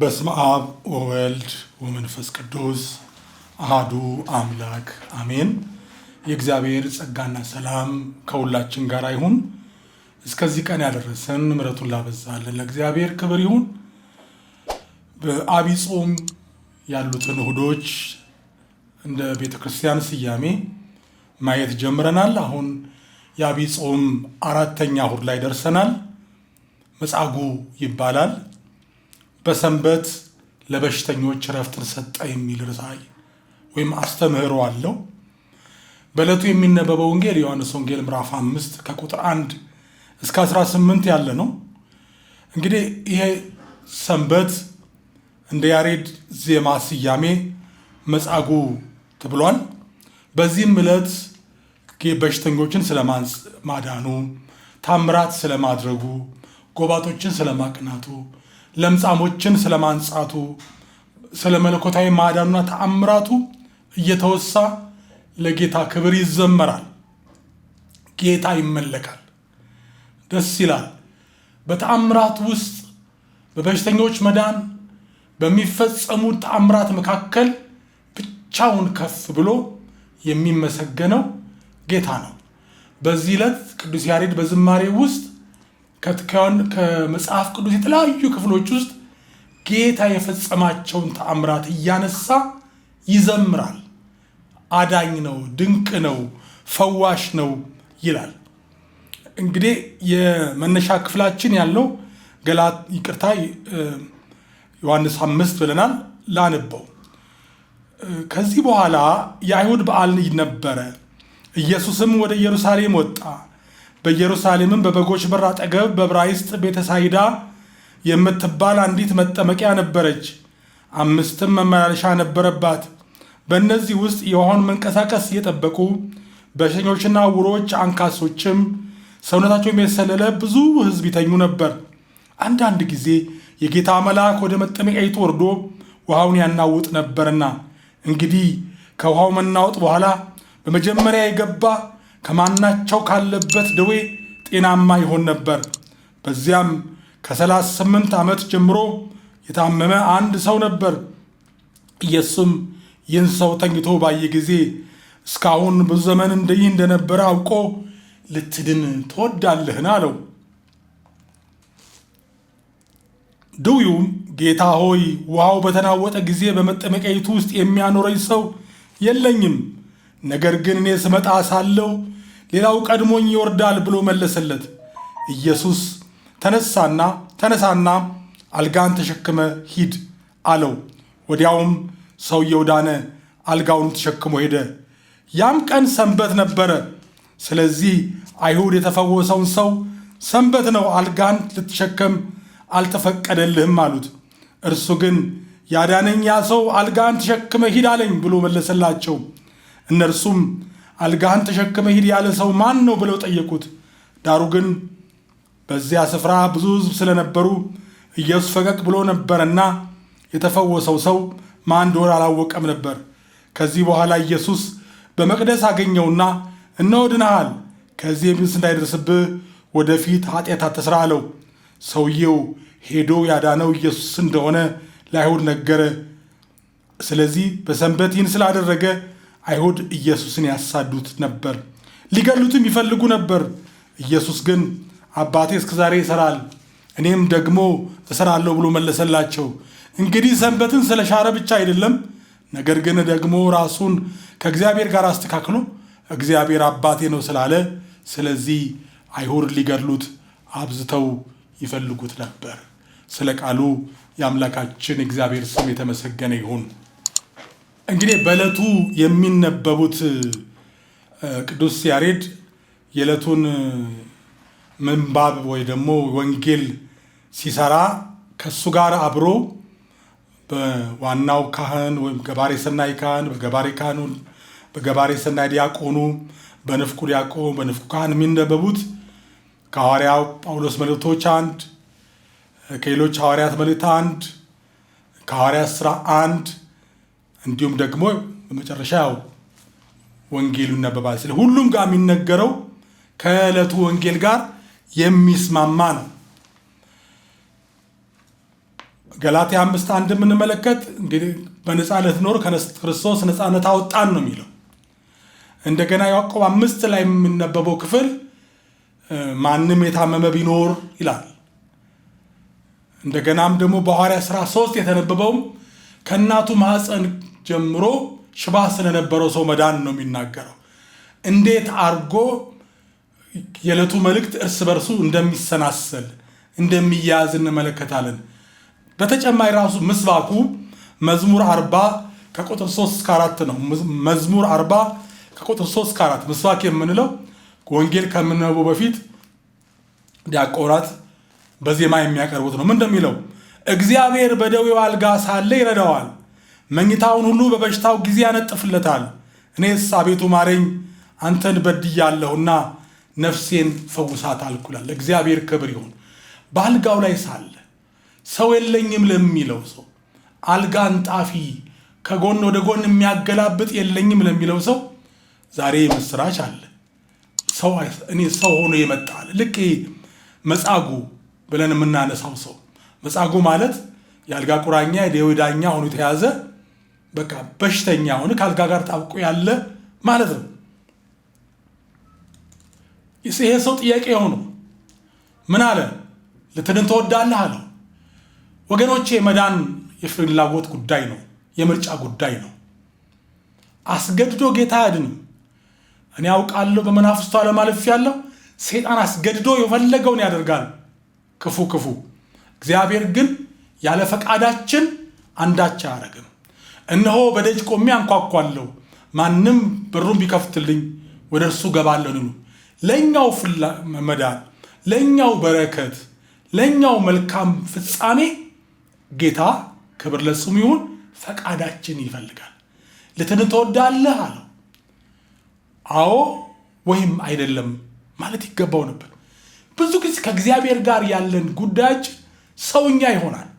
በስመ አብ ወወልድ ወመንፈስ ቅዱስ አህዱ አምላክ አሜን። የእግዚአብሔር ጸጋና ሰላም ከሁላችን ጋር ይሁን። እስከዚህ ቀን ያደረሰን ምሕረቱን ላበዛለን ለእግዚአብሔር ክብር ይሁን። በዐቢይ ጾም ያሉትን እሁዶች እንደ ቤተ ክርስቲያን ስያሜ ማየት ጀምረናል። አሁን የዐቢይ ጾም አራተኛ እሁድ ላይ ደርሰናል። መጻጉዕ ይባላል። በሰንበት ለበሽተኞች እረፍትን ሰጠ የሚል ርሳይ ወይም አስተምህሮ አለው። በዕለቱ የሚነበበው ወንጌል ዮሐንስ ወንጌል ምዕራፍ አምስት ከቁጥር አንድ እስከ 18 ያለ ነው። እንግዲህ ይሄ ሰንበት እንደ ያሬድ ዜማ ስያሜ መጻጉ ተብሏል። በዚህም ዕለት በሽተኞችን ስለማዳኑ፣ ታምራት ስለማድረጉ፣ ጎባጦችን ስለማቅናቱ ለምጻሞችን ማንጻቱ ስለ መለኮታዊ ማዳኑና ተአምራቱ እየተወሳ ለጌታ ክብር ይዘመራል። ጌታ ይመለካል፣ ደስ ይላል። በተአምራት ውስጥ በበሽተኞች መዳን በሚፈጸሙ ተአምራት መካከል ብቻውን ከፍ ብሎ የሚመሰገነው ጌታ ነው። በዚህ ዕለት ቅዱስ ያሬድ በዝማሬ ውስጥ ከመጽሐፍ ቅዱስ የተለያዩ ክፍሎች ውስጥ ጌታ የፈጸማቸውን ተአምራት እያነሳ ይዘምራል። አዳኝ ነው፣ ድንቅ ነው፣ ፈዋሽ ነው ይላል። እንግዲህ የመነሻ ክፍላችን ያለው ገላ ይቅርታ ዮሐንስ አምስት ብለናል። ላንበው። ከዚህ በኋላ የአይሁድ በዓል ነበረ። ኢየሱስም ወደ ኢየሩሳሌም ወጣ በኢየሩሳሌምም በበጎች በር አጠገብ በዕብራይስጥ ቤተሳይዳ የምትባል አንዲት መጠመቂያ ነበረች። አምስትም መመላለሻ ነበረባት። በእነዚህ ውስጥ የውሃውን መንቀሳቀስ እየጠበቁ በሽተኞችና ዕውሮች፣ አንካሶችም ሰውነታቸውም የሰለለ ብዙ ሕዝብ ይተኙ ነበር። አንዳንድ ጊዜ የጌታ መልአክ ወደ መጠመቂያይቱ ወርዶ ውሃውን ያናውጥ ነበርና እንግዲህ ከውሃው መናወጥ በኋላ በመጀመሪያ የገባ ከማናቸው ካለበት ደዌ ጤናማ ይሆን ነበር። በዚያም ከ38 ዓመት ጀምሮ የታመመ አንድ ሰው ነበር። ኢየሱስም ይህን ሰው ተኝቶ ባየ ጊዜ እስካሁን ብዙ ዘመን እንደይህ እንደነበረ አውቆ ልትድን ትወዳለህን? አለው። ድውዩም ጌታ ሆይ ውሃው በተናወጠ ጊዜ በመጠመቂያይቱ ውስጥ የሚያኖረኝ ሰው የለኝም ነገር ግን እኔ ስመጣ ሳለው ሌላው ቀድሞኝ ይወርዳል ብሎ መለሰለት። ኢየሱስ ተነሳና ተነሳና አልጋን ተሸክመ ሂድ አለው። ወዲያውም ሰውየው ዳነ፣ አልጋውን ተሸክሞ ሄደ። ያም ቀን ሰንበት ነበረ። ስለዚህ አይሁድ የተፈወሰውን ሰው ሰንበት ነው፣ አልጋን ልትሸከም አልተፈቀደልህም አሉት። እርሱ ግን ያዳነኛ ሰው አልጋን ተሸክመ ሂድ አለኝ ብሎ መለሰላቸው። እነርሱም አልጋህን ተሸክመ ሂድ ያለ ሰው ማን ነው ብለው ጠየቁት። ዳሩ ግን በዚያ ስፍራ ብዙ ሕዝብ ስለነበሩ ኢየሱስ ፈቀቅ ብሎ ነበርና የተፈወሰው ሰው ማን እንደሆነ አላወቀም ነበር። ከዚህ በኋላ ኢየሱስ በመቅደስ አገኘውና እነሆ ድነሃል፣ ከዚህ የሚንስ እንዳይደርስብህ ወደፊት ኃጢአት አትስራ አለው። ሰውየው ሄዶ ያዳነው ኢየሱስ እንደሆነ ለአይሁድ ነገረ። ስለዚህ በሰንበት ይህን ስላደረገ አይሁድ ኢየሱስን ያሳዱት ነበር፣ ሊገሉትም ይፈልጉ ነበር። ኢየሱስ ግን አባቴ እስከ ዛሬ ይሰራል እኔም ደግሞ እሰራለሁ ብሎ መለሰላቸው። እንግዲህ ሰንበትን ስለ ሻረ ብቻ አይደለም፣ ነገር ግን ደግሞ ራሱን ከእግዚአብሔር ጋር አስተካክሎ እግዚአብሔር አባቴ ነው ስላለ፣ ስለዚህ አይሁድ ሊገድሉት አብዝተው ይፈልጉት ነበር። ስለ ቃሉ የአምላካችን እግዚአብሔር ስም የተመሰገነ ይሁን። እንግዲህ በዕለቱ የሚነበቡት ቅዱስ ያሬድ የዕለቱን ምንባብ ወይ ደግሞ ወንጌል ሲሰራ ከሱ ጋር አብሮ በዋናው ካህን ወይም ገባሬ ሰናይ ካህን በገባሬ ካህኑ በገባሬ ሰናይ ዲያቆኑ በንፍቁ ዲያቆኑ በንፍቁ ካህን የሚነበቡት ከሐዋርያው ጳውሎስ መልእክቶች አንድ ከሌሎች ሐዋርያት መልእክት አንድ ከሐዋርያት ሥራ አንድ እንዲሁም ደግሞ በመጨረሻው ወንጌሉ ይነበባል። ስለ ሁሉም ጋር የሚነገረው ከዕለቱ ወንጌል ጋር የሚስማማ ነው። ገላትያ አምስት አንድ የምንመለከት እንግዲህ በነፃ ልትኖር ክርስቶስ ነፃነት አወጣን ነው የሚለው። እንደገና ያዕቆብ አምስት ላይ የሚነበበው ክፍል ማንም የታመመ ቢኖር ይላል። እንደገናም ደግሞ በሐዋርያ ሥራ ሶስት የተነበበውም ከእናቱ ማኅፀን ጀምሮ ሽባ ስለነበረው ሰው መዳን ነው የሚናገረው። እንዴት አርጎ የዕለቱ መልእክት እርስ በርሱ እንደሚሰናሰል እንደሚያያዝ እንመለከታለን። በተጨማሪ ራሱ ምስባኩ መዝሙር አርባ ከቁጥር 3 እስከ 4 ነው። መዝሙር አርባ ከቁጥር 3 እስከ 4 ምስባክ የምንለው ወንጌል ከምንነበው በፊት ዲያቆናት በዜማ የሚያቀርቡት ነው። ምን እንደሚለው እግዚአብሔር በደዌው አልጋ ሳለ ይረዳዋል መኝታውን ሁሉ በበሽታው ጊዜ ያነጥፍለታል። እኔስ አቤቱ ማረኝ፣ አንተን በድያለሁና ነፍሴን ፈውሳት አልኩላል። እግዚአብሔር ክብር ይሁን። በአልጋው ላይ ሳለ ሰው የለኝም ለሚለው ሰው አልጋ አንጣፊ ከጎን ወደ ጎን የሚያገላብጥ የለኝም ለሚለው ሰው ዛሬ ምስራች አለ። ሰው እኔ ሰው ሆኖ የመጣል ልክ መጻጉ ብለን የምናነሳው ሰው መጻጉ ማለት የአልጋ ቁራኛ የደዌ ዳኛ ሆኖ የተያዘ በቃ በሽተኛ ሆነ ከአልጋ ጋር ጣብቆ ያለ ማለት ነው። ይሄ ሰው ጥያቄ የሆነው ምን አለ? ልትድን ትወዳለህ አለው። ወገኖቼ መዳን የፍላጎት ጉዳይ ነው፣ የምርጫ ጉዳይ ነው። አስገድዶ ጌታ አያድንም። እኔ አውቃለሁ፣ በመናፍስቱ ዓለም አልፌያለሁ። ሰይጣን አስገድዶ የፈለገውን ያደርጋል፣ ክፉ ክፉ። እግዚአብሔር ግን ያለ ፈቃዳችን አንዳች አያደርግም። እነሆ በደጅ ቆሜ አንኳኳለሁ፣ ማንም በሩን ቢከፍትልኝ ወደ እርሱ ገባለሁ ይሉ ለእኛው መዳን፣ ለእኛው በረከት፣ ለእኛው መልካም ፍጻሜ ጌታ ክብር ለሱም ይሁን። ፈቃዳችን ይፈልጋል። ልትን ትወዳለህ አለው። አዎ ወይም አይደለም ማለት ይገባው ነበር። ብዙ ጊዜ ከእግዚአብሔር ጋር ያለን ጉዳያችን ሰውኛ ይሆናል።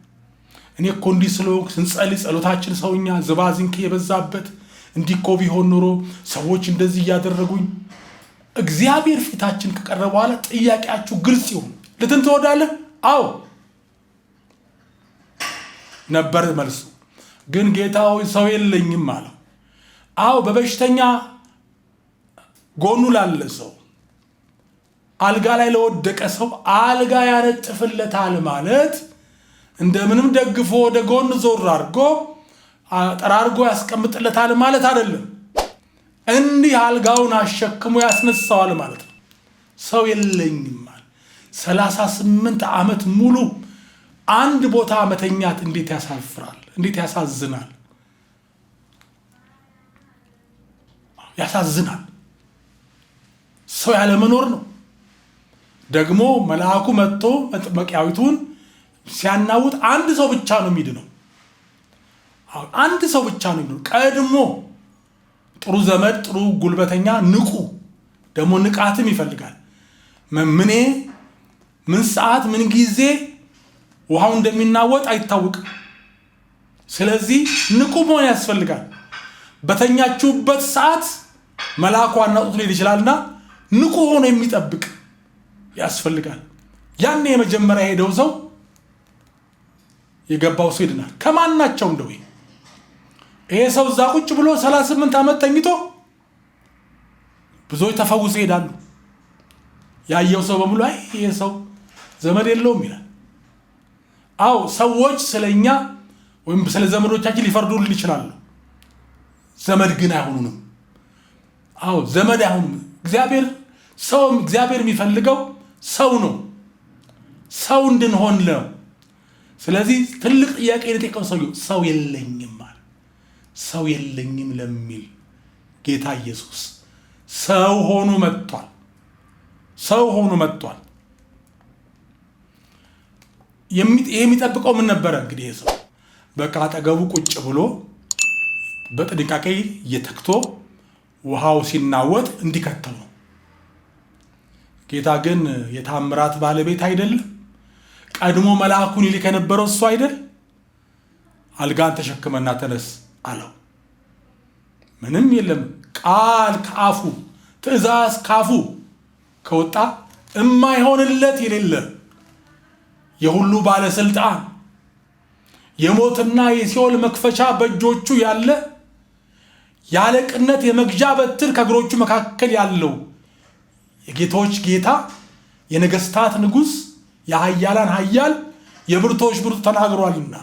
እኔ እኮ እንዲህ ስለሆንኩ ስንጸልይ ጸሎታችን ሰውኛ ዝባዝንኬ የበዛበት እንዲህ እኮ ቢሆን ኖሮ ሰዎች እንደዚህ እያደረጉኝ እግዚአብሔር ፊታችን ከቀረበ በኋላ ጥያቄያችሁ ግልጽ ይሁን። ልትን ትወዳለህ? አዎ ነበር መልሱ። ግን ጌታ ሆይ ሰው የለኝም አለው። አዎ በበሽተኛ ጎኑ ላለ ሰው፣ አልጋ ላይ ለወደቀ ሰው አልጋ ያነጥፍለታል ማለት እንደምንም ደግፎ ወደ ጎን ዞር አድርጎ ጠራርጎ ያስቀምጥለታል ማለት አይደለም። እንዲህ አልጋውን አሸክሞ ያስነሳዋል ማለት ነው። ሰው የለኝማል። ሰላሳ ስምንት ዓመት ሙሉ አንድ ቦታ መተኛት እንዴት ያሳፍራል! እንዴት ያሳዝናል! ያሳዝናል። ሰው ያለመኖር ነው። ደግሞ መልአኩ መጥቶ መጥመቂያዊቱን ሲያናውጥ አንድ ሰው ብቻ ነው የሚድነው። አንድ ሰው ብቻ ነው የሚድነው። ቀድሞ ጥሩ ዘመድ፣ ጥሩ ጉልበተኛ፣ ንቁ ደግሞ ንቃትም ይፈልጋል። ምኔ ምን ሰዓት ምን ጊዜ ውሃው እንደሚናወጥ አይታወቅም። ስለዚህ ንቁ መሆን ያስፈልጋል። በተኛችሁበት ሰዓት መልአኩ አናውጦት ሊሄድ ይችላልና ንቁ ሆኖ የሚጠብቅ ያስፈልጋል። ያኔ የመጀመሪያ የሄደው ሰው የገባው ሰው ይድናል ናቸው እንደው ይሄ ሰው እዛ ቁጭ ብሎ 38 ዓመት ተኝቶ ብዙዎች ተፈውሶ ይሄዳሉ። ያየው ሰው በሙሉ አይ ይሄ ሰው ዘመድ የለውም ይላል። አዎ ሰዎች ስለኛ ወይም ስለ ዘመዶቻችን ሊፈርዱልን ይችላሉ። ዘመድ ግን አይሆኑንም። አዎ ዘመድ አይሆኑም። እግዚአብሔር ሰው እግዚአብሔር የሚፈልገው ሰው ነው። ሰው እንድንሆን ነው። ስለዚህ ትልቅ ጥያቄ የጠየቀው ሰው ሰው የለኝም አለ። ሰው የለኝም ለሚል ጌታ ኢየሱስ ሰው ሆኖ መጥቷል። ሰው ሆኖ መጥቷል። ይሄ የሚጠብቀው ምን ነበረ? እንግዲህ ይሄ ሰው በቃ አጠገቡ ቁጭ ብሎ በጥንቃቄ እየተክቶ ውሃው ሲናወጥ እንዲከተው ነው። ጌታ ግን የታምራት ባለቤት አይደለም። ቀድሞ መልአኩን ይልክ የነበረው እሱ አይደል? አልጋን ተሸክመና ተነስ አለው። ምንም የለም። ቃል ከአፉ ትእዛዝ ካፉ ከወጣ እማይሆንለት የሌለ የሁሉ ባለስልጣን የሞትና የሲኦል መክፈቻ በእጆቹ ያለ የአለቅነት የመግዣ በትር ከእግሮቹ መካከል ያለው የጌታዎች ጌታ የነገስታት ንጉሥ የሀያላን ሀያል የብርቶች ብርቱ ተናግሯልና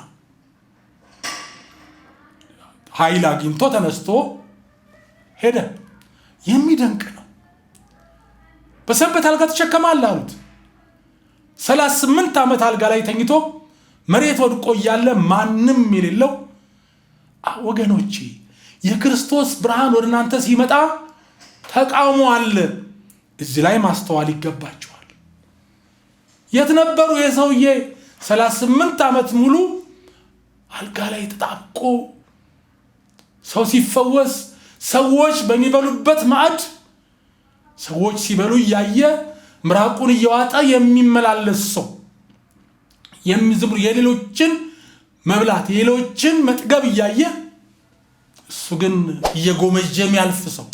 ኃይል አግኝቶ ተነስቶ ሄደ። የሚደንቅ ነው። በሰንበት አልጋ ተሸከማል አሉት። ሰላሳ ስምንት ዓመት አልጋ ላይ ተኝቶ መሬት ወድቆ እያለ ማንም የሌለው ወገኖቼ፣ የክርስቶስ ብርሃን ወደ እናንተ ሲመጣ ተቃውሞ አለ። እዚህ ላይ ማስተዋል ይገባቸው። የት ነበሩ? ይሄ ሰውዬ ሰላሳ ዓመት ሙሉ አልጋ ላይ ተጣብቆ ሰው ሲፈወስ ሰዎች በሚበሉበት ማዕድ ሰዎች ሲበሉ እያየ ምራቁን እየዋጠ የሚመላለስ ሰው የሚዝምሩ የሌሎችን መብላት የሌሎችን መጥገብ እያየ እሱ ግን እየጎመጀ የሚያልፍ ሰው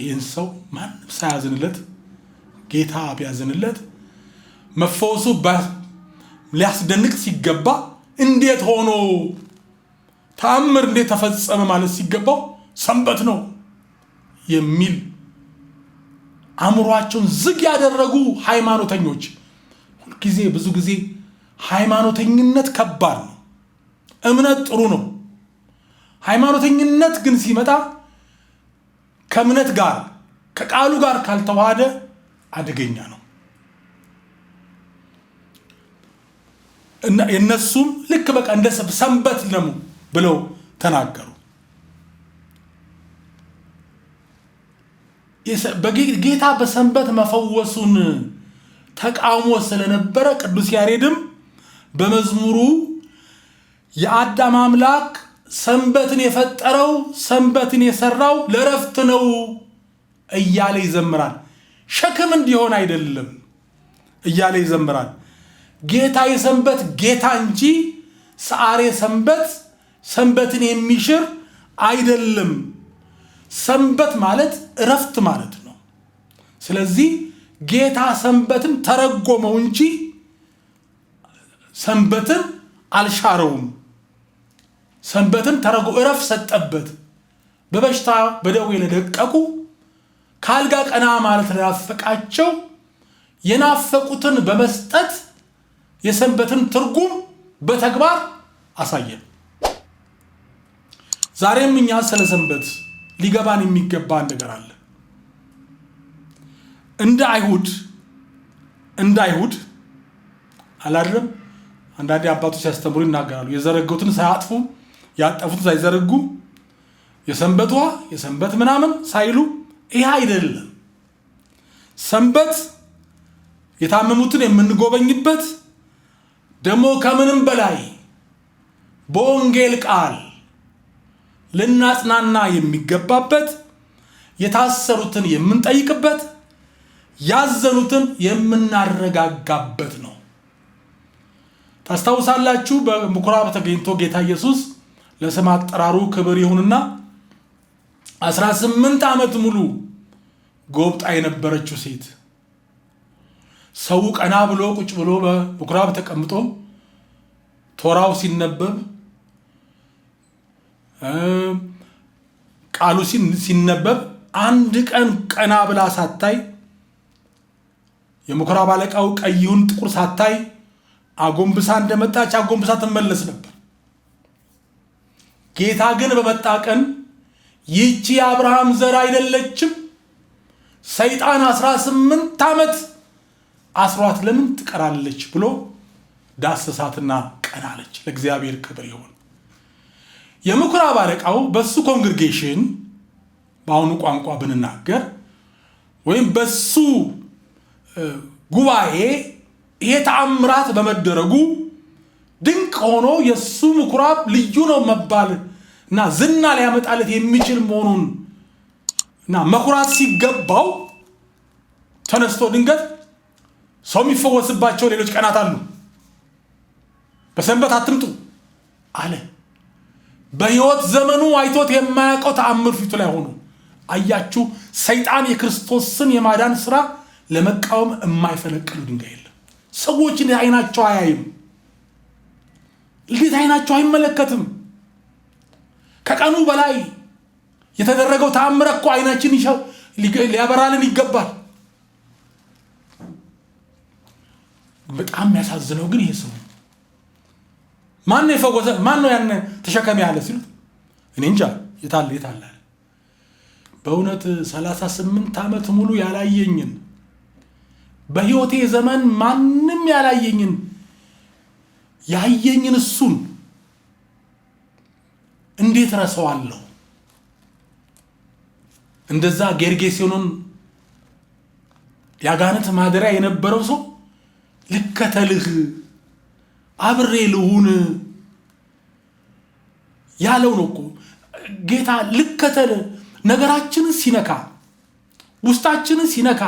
ይህን ሰው ማንም ሳያዝንለት ጌታ ቢያዝንለት መፈወሱ ሊያስደንቅ ሲገባ እንዴት ሆኖ ተአምር እንዴት ተፈጸመ ማለት ሲገባው ሰንበት ነው የሚል አእምሯቸውን ዝግ ያደረጉ ሃይማኖተኞች ሁልጊዜ ብዙ ጊዜ ሃይማኖተኝነት ከባድ ነው። እምነት ጥሩ ነው። ሃይማኖተኝነት ግን ሲመጣ ከእምነት ጋር ከቃሉ ጋር ካልተዋሃደ አደገኛ ነው እና የእነሱም ልክ በቃ እንደ ሰንበት ነው ብለው ተናገሩ። በጌታ በሰንበት መፈወሱን ተቃውሞ ስለነበረ ቅዱስ ያሬድም በመዝሙሩ የአዳም አምላክ ሰንበትን የፈጠረው ሰንበትን የሰራው ለእረፍት ነው እያለ ይዘምራል። ሸክም እንዲሆን አይደለም እያለ ይዘምራል። ጌታ የሰንበት ጌታ እንጂ ሰዓሬ ሰንበት ሰንበትን የሚሽር አይደለም። ሰንበት ማለት እረፍት ማለት ነው። ስለዚህ ጌታ ሰንበትን ተረጎመው እንጂ ሰንበትን አልሻረውም። ሰንበትን ተረጎ እረፍት ሰጠበት። በበሽታ በደዌ ለደቀቁ ካልጋ ቀና ማለት ለናፈቃቸው የናፈቁትን በመስጠት የሰንበትን ትርጉም በተግባር አሳየን። ዛሬም እኛ ስለ ሰንበት ሊገባን የሚገባ ነገር አለ። እንደ አይሁድ እንደ አይሁድ አላድርም። አንዳንዴ አባቶች ሲያስተምሩ ይናገራሉ። የዘረጉትን ሳያጥፉ ያጠፉትን ሳይዘረጉ የሰንበት ውሃ የሰንበት ምናምን ሳይሉ ይህ አይደለም። ሰንበት የታመሙትን የምንጎበኝበት ደግሞ ከምንም በላይ በወንጌል ቃል ልናጽናና የሚገባበት የታሰሩትን የምንጠይቅበት ያዘኑትን የምናረጋጋበት ነው። ታስታውሳላችሁ። በምኩራብ ተገኝቶ ጌታ ኢየሱስ ለስም አጠራሩ ክብር ይሁንና አስራ ስምንት ዓመት ሙሉ ጎብጣ የነበረችው ሴት ሰው ቀና ብሎ ቁጭ ብሎ በምኩራብ ተቀምጦ ቶራው ሲነበብ ቃሉ ሲነበብ አንድ ቀን ቀና ብላ ሳታይ የምኩራብ አለቃው ቀይውን ጥቁር ሳታይ አጎንብሳ እንደመጣች አጎንብሳ ትመለስ ነበር። ጌታ ግን በመጣ ቀን ይቺ የአብርሃም ዘር አይደለችም? ሰይጣን አስራ ስምንት ዓመት አስሯት ለምን ትቀራለች ብሎ ዳሰሳትና ቀናለች። ለእግዚአብሔር ክብር ይሆን። የምኩራብ አለቃው በሱ ኮንግሪጌሽን በአሁኑ ቋንቋ ብንናገር ወይም በሱ ጉባኤ ይሄ ተአምራት በመደረጉ ድንቅ ሆኖ የእሱ ምኩራብ ልዩ ነው መባል እና ዝና ሊያመጣለት የሚችል መሆኑን እና መኩራት ሲገባው ተነስቶ ድንገት ሰው የሚፈወስባቸው ሌሎች ቀናት አሉ። በሰንበት አትምጡ አለ። በሕይወት ዘመኑ አይቶት የማያውቀው ተአምር ፊቱ ላይ ሆኖ አያችሁ። ሰይጣን የክርስቶስን የማዳን ስራ ለመቃወም የማይፈነቅሉ ድንጋይ የለም። ሰዎች እንዴት አይናቸው አያይም? እንዴት አይናቸው አይመለከትም? ከቀኑ በላይ የተደረገው ተአምር እኮ አይናችን ይሻው ሊያበራልን ይገባል። በጣም የሚያሳዝነው ግን ይሄ ሰው ማን ነው የፈወሰ? ማን ነው ያን ተሸከሚ ያለ ሲሉት እኔ እንጃ የታለ የታለ። በእውነት 38 ዓመት ሙሉ ያላየኝን በህይወቴ ዘመን ማንም ያላየኝን ያየኝን እሱን እንዴት ረሰዋለሁ? እንደዛ ጌርጌሴኖን የአጋነት ማደሪያ የነበረው ሰው ልከተልህ አብሬ ልሁን ያለው ነው እኮ ጌታ። ልከተል ነገራችንን ሲነካ ውስጣችንን ሲነካ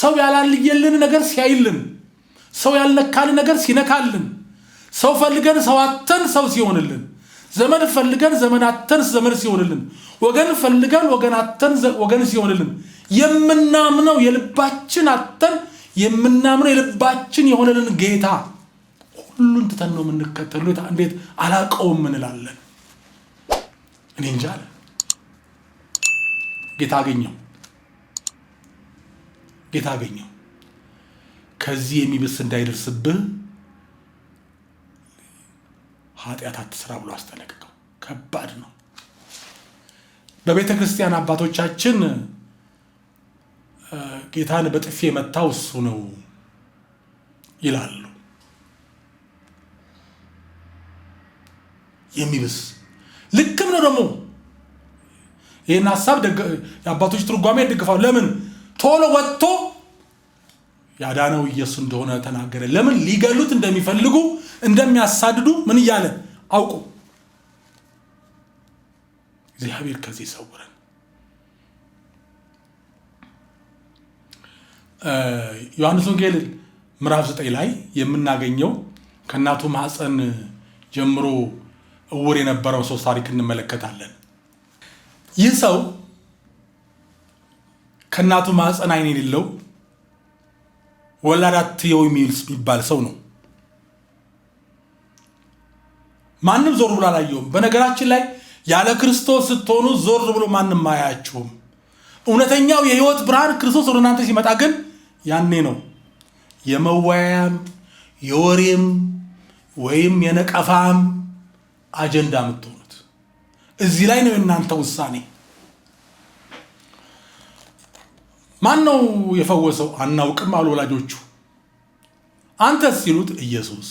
ሰው ያላልየልን ነገር ሲያይልን ሰው ያልነካልን ነገር ሲነካልን ሰው ፈልገን ሰው አተን ሰው ሲሆንልን ዘመን ፈልገን ዘመን አተን ዘመን ሲሆንልን፣ ወገን ፈልገን ወገን አተን ወገን ሲሆንልን፣ የምናምነው የልባችን አተን የምናምነው የልባችን የሆነልን ጌታ ሁሉን ትተን ነው የምንከተሉ። እንዴት አላቀውም እንላለን። እኔ እንጃ አለ ጌታ አገኘው፣ ጌታ አገኘው። ከዚህ የሚብስ እንዳይደርስብህ ኃጢአት አትስራ ብሎ አስጠነቅቀው። ከባድ ነው። በቤተ ክርስቲያን አባቶቻችን ጌታን በጥፊ የመታው እሱ ነው ይላሉ። የሚብስ ልክም ነው ደግሞ ይህን ሀሳብ የአባቶች ትርጓሜ ይደግፋሉ ለምን ቶሎ ወጥቶ ያዳነው ኢየሱስ እንደሆነ ተናገረ። ለምን ሊገሉት እንደሚፈልጉ እንደሚያሳድዱ ምን እያለ አውቁ። እግዚአብሔር ከዚህ ይሰውረን። ዮሐንስ ወንጌል ምዕራፍ ዘጠኝ ላይ የምናገኘው ከእናቱ ማህፀን ጀምሮ እውር የነበረው ሶስት ታሪክ እንመለከታለን። ይህ ሰው ከእናቱ ማህፀን አይን የሌለው ወላድ አትየው የሚባል ሰው ነው። ማንም ዞር ብሎ አላየውም። በነገራችን ላይ ያለ ክርስቶስ ስትሆኑ ዞር ብሎ ማንም አያችሁም። እውነተኛው የህይወት ብርሃን ክርስቶስ ወደ እናንተ ሲመጣ ግን ያኔ ነው የመወያያም የወሬም ወይም የነቀፋም አጀንዳ የምትሆኑት። እዚህ ላይ ነው የእናንተ ውሳኔ። ማን ነው የፈወሰው? አናውቅም አሉ ወላጆቹ። አንተስ ሲሉት ኢየሱስ።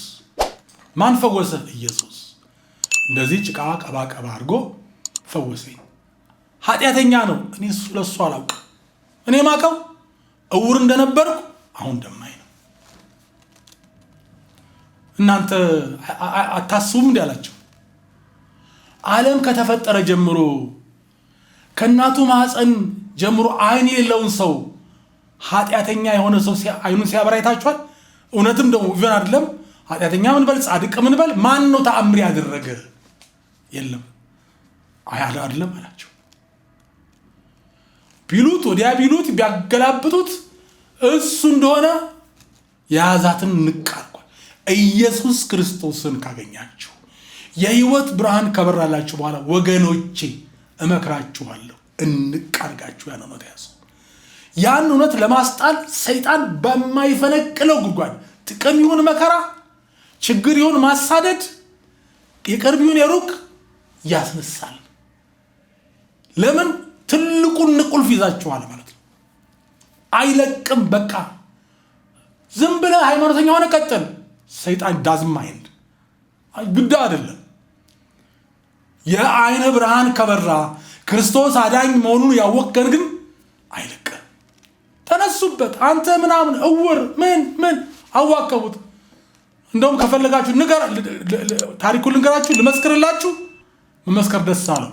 ማን ፈወሰ? ኢየሱስ። እንደዚህ ጭቃ ቀባ ቀባ አድርጎ ፈወሰኝ። ኃጢአተኛ ነው እኔ ለሱ አላውቅም። እኔ ማቀው እውር እንደነበርኩ አሁን ደማኝ ነው። እናንተ አታስቡም? እንዲ አላቸው። ዓለም ከተፈጠረ ጀምሮ ከእናቱ ማዕፀን ጀምሮ አይን የሌለውን ሰው ኃጢአተኛ የሆነ ሰው አይኑን ሲያበራ እውነትም ደግሞ ቪን አይደለም ኃጢአተኛ ምንበል ጻድቅ ምንበል ማን ነው ተአምር ያደረገ? የለም አይደለም አላቸው። ቢሉት ወዲያ ቢሉት ቢያገላብጡት እሱ እንደሆነ የያዛትን ንቅ ኢየሱስ ክርስቶስን ካገኛችሁ የህይወት ብርሃን ከበራላችሁ በኋላ ወገኖቼ እመክራችኋለሁ እንቃርጋችሁ ያን እውነት ያዙ። ያን እውነት ለማስጣል ሰይጣን በማይፈነቅለው ጉድጓድ ጥቅም ይሁን መከራ፣ ችግር ይሁን ማሳደድ፣ የቅርብ ይሁን የሩቅ ያስነሳል። ለምን ትልቁን ንቁልፍ ይዛችኋል ማለት ነው። አይለቅም። በቃ ዝም ብለህ ሃይማኖተኛ ሆነ ቀጥል። ሰይጣን ዳዝም አይንድ ግዳ አይደለም። የአይነ ብርሃን ከበራ ክርስቶስ አዳኝ መሆኑን ያወቀን ግን አይልቅ ተነሱበት። አንተ ምናምን እውር ምን ምን አዋቀቡት። እንደውም ከፈለጋችሁ ታሪኩን ልንገራችሁ፣ ልመስክርላችሁ። መመስከር ደስታ ነው።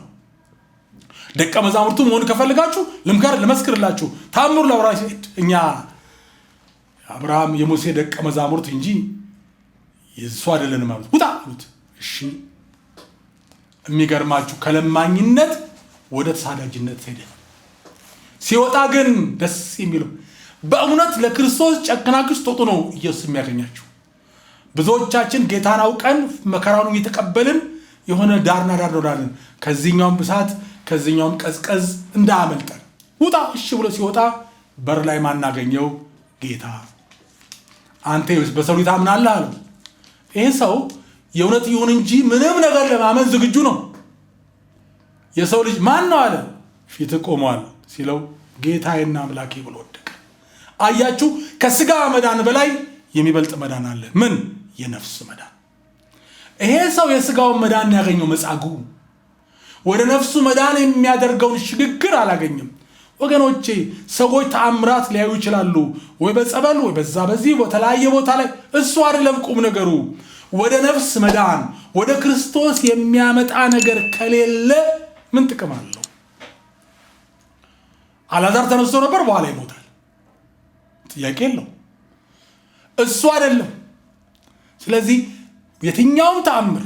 ደቀ መዛሙርቱ መሆን ከፈለጋችሁ ልምከር፣ ልመስክርላችሁ። ታምሩ ላውራ እኛ አብርሃም የሙሴ ደቀ መዛሙርት እንጂ የሱ አይደለንም አሉት። ውጣ አሉት። እሺ የሚገርማችሁ ከለማኝነት ወደ ተሳዳጅነት ሄደ። ሲወጣ ግን ደስ የሚለው በእውነት ለክርስቶስ ጨክናችሁ ስትወጡ ነው ኢየሱስ የሚያገኛችሁ። ብዙዎቻችን ጌታን አውቀን መከራኑ እየተቀበልን የሆነ ዳርና ዳር እንሆናለን። ከዚህኛውም ብሳት ከዚህኛውም ቀዝቀዝ እንዳያመልጠን ውጣ። እሺ ብሎ ሲወጣ በር ላይ ማናገኘው ጌታ አንተ በሰው ታምናለህ አለው። ይህ ሰው የእውነት ይሁን እንጂ ምንም ነገር ለማመን ዝግጁ ነው። የሰው ልጅ ማን ነው አለ ፊት ቆሟል ሲለው ጌታዬና አምላኬ ብሎ ወደቀ። አያችሁ፣ ከስጋ መዳን በላይ የሚበልጥ መዳን አለ። ምን? የነፍስ መዳን። ይሄ ሰው የስጋውን መዳን ያገኘው መጻጉዕ ወደ ነፍሱ መዳን የሚያደርገውን ሽግግር አላገኝም። ወገኖቼ ሰዎች ተአምራት ሊያዩ ይችላሉ፣ ወይ በጸበል ወይ በዛ በዚህ በተለያየ ቦታ ላይ። እሱ አይደለም ቁም ነገሩ። ወደ ነፍስ መዳን ወደ ክርስቶስ የሚያመጣ ነገር ከሌለ ምን ጥቅም አለው? አላዛር ተነስቶ ነበር፣ በኋላ ይሞታል። ጥያቄ የለው። እሱ አይደለም። ስለዚህ የትኛውም ተአምር፣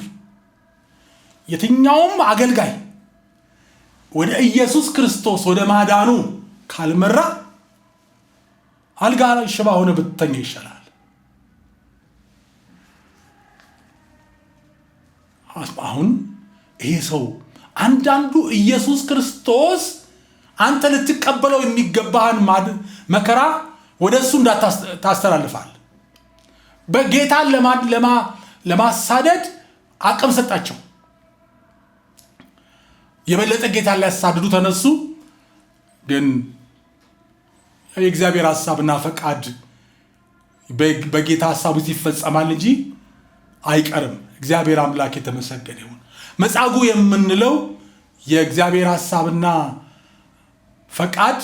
የትኛውም አገልጋይ ወደ ኢየሱስ ክርስቶስ ወደ ማዳኑ ካልመራ አልጋ ሽባ ሆነ ብትተኛ ይሻላል። አሁን ይሄ ሰው አንዳንዱ ኢየሱስ ክርስቶስ አንተ ልትቀበለው የሚገባህን መከራ ወደ እሱ እንዳታስተላልፋል። በጌታን ለማሳደድ አቅም ሰጣቸው። የበለጠ ጌታን ሊያሳድዱ ተነሱ። ግን የእግዚአብሔር ሀሳብና ፈቃድ በጌታ ሀሳብ ውስጥ ይፈጸማል እንጂ አይቀርም። እግዚአብሔር አምላክ የተመሰገነ መጻጉ የምንለው የእግዚአብሔር ሐሳብና ፈቃድ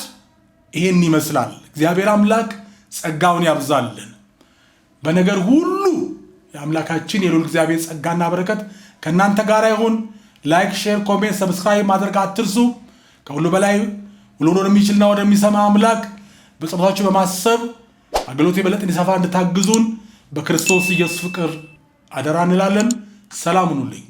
ይሄን ይመስላል። እግዚአብሔር አምላክ ጸጋውን ያብዛልን። በነገር ሁሉ የአምላካችን የልዑል እግዚአብሔር ጸጋና በረከት ከእናንተ ጋር ይሁን። ላይክ፣ ሼር፣ ኮሜንት፣ ሰብስክራይብ ማድረግ አትርሱ። ከሁሉ በላይ ሁሉን የሚችልና ወደሚሰማ አምላክ በጸሎታችሁ በማሰብ አገልግሎት የበለጠ እንዲሰፋ እንድታግዙን በክርስቶስ ኢየሱስ ፍቅር አደራ እንላለን። ሰላም ሁኑልኝ።